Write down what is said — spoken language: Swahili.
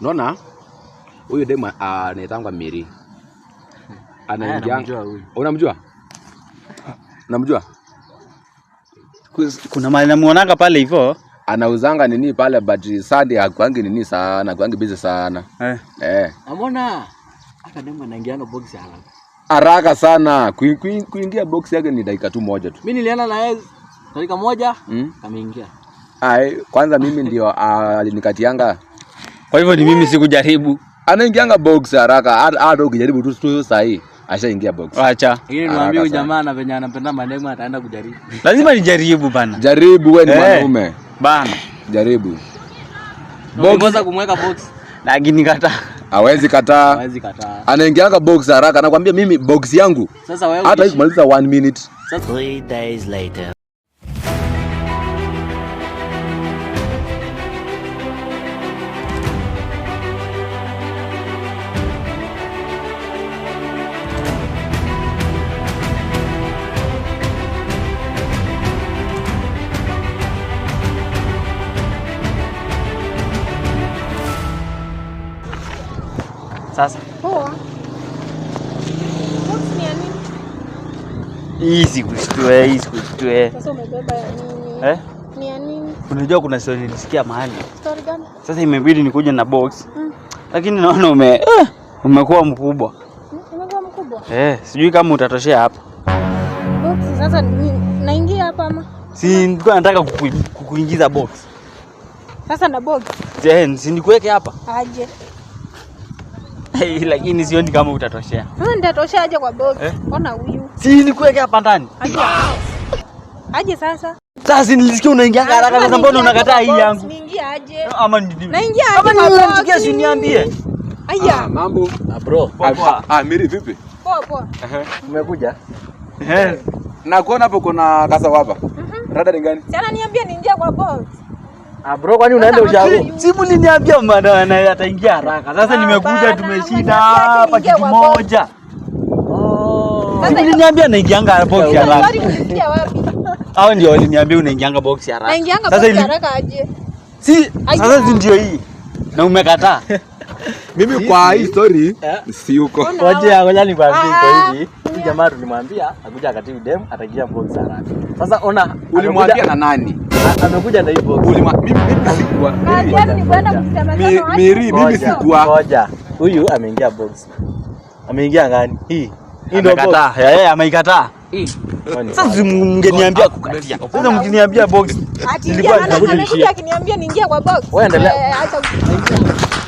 Unaona huyu demu ah, anaitangwa Miri, anaingia. Unamjua? Unamjua? kuna mali namuonanga pale hivyo anauzanga nini pale, but Sunday hakuangi nini sana, kuangi busy sana eh. Eh. Amona hata demu anaingiana box sana haraka sana, kuingia box yake ni dakika tu moja tu. Mimi nilienda na yeye dakika moja mm, ameingia. Ai, kwanza mimi ndio ah, alinikatianga yanga kwa hivyo ni mimi sikujaribu. Anaingianga box haraka. Hata ukijaribu tu tu saa Acha ingia box. Acha. Ili ni mwambie jamaa na venye anapenda maneno ataenda kujaribu. Lazima nijaribu bana. Jaribu wewe ni hey, eh, mwanaume. Bana. Jaribu. Box kumweka box. Lakini kata. Hawezi kata. Hawezi kata. Anaingianga box haraka. Anakuambia mimi box yangu. Sasa wewe hata ikimaliza 1 minute. 3 days later. Sasa poa. Easy kushtua, easy kushtua. Sasa umebeba nini? Eh? Ni ya nini? Unajua kuna story nilisikia mahali. Story gani? Sasa imebidi nikuje na box. Mm. Lakini naona ume eh, umekuwa mkubwa. Mm, umekuwa mkubwa? Eh, sijui kama utatoshea hapa. Box sasa naingia hapa ama? Si nilikuwa nataka kukuingiza box. Sasa na box. Je, si nikuweke hapa? Aje. Eh, lakini sioni kama utatoshea. Nitatoshea aje kwa box? Eh? Ona huyu. Si nikuweke hapa ndani. Aje sasa. Sasa nilisikia unaingia haraka sasa, mbona unakataa hii yangu? Niingia aje? Ama ndio. Naingia aje? Ama niambie, si niambie. Aya. Ah, mambo. Ah bro. Ah, ah Miri vipi? Poa poa. Eh. Umekuja? Eh. Na kuona hapo kuna kasawapa. Mhm. Rada ni gani? Sasa niambie niingia kwa box. Ah bro, kwani unaenda ushago? Simu liniambia mwana ataingia haraka. Sasa ah, nimekuja tumeshinda hapa yaani kitu moja. Oh. Simu liniambia naingianga box haraka. Yaani Hao ndio waliniambia unaingianga box haraka. Naingianga box haraka aje? Si sasa ndio hii. Na umekataa. Mimi kwa hii story eh? si yuko. Ngoja ngoja nikwambie kwa ah, hivi. Ah. Huyu jamaa tulimwambia akuja akatii dem ataingia box haraka. Sasa ona ulimwambia na nani? amekuja na hivyo. Mimi mimi ah. sikuwa. Ngoja. Huyu ameingia box. Ameingia ngani? Hii. Hii ndio box. Yeye ameikataa. Hii. Sasa mngeniambia kukatia. Sasa mngeniambia box. Nilikuwa nitakuja niingie kwa box. Wewe endelea. Eh, acha.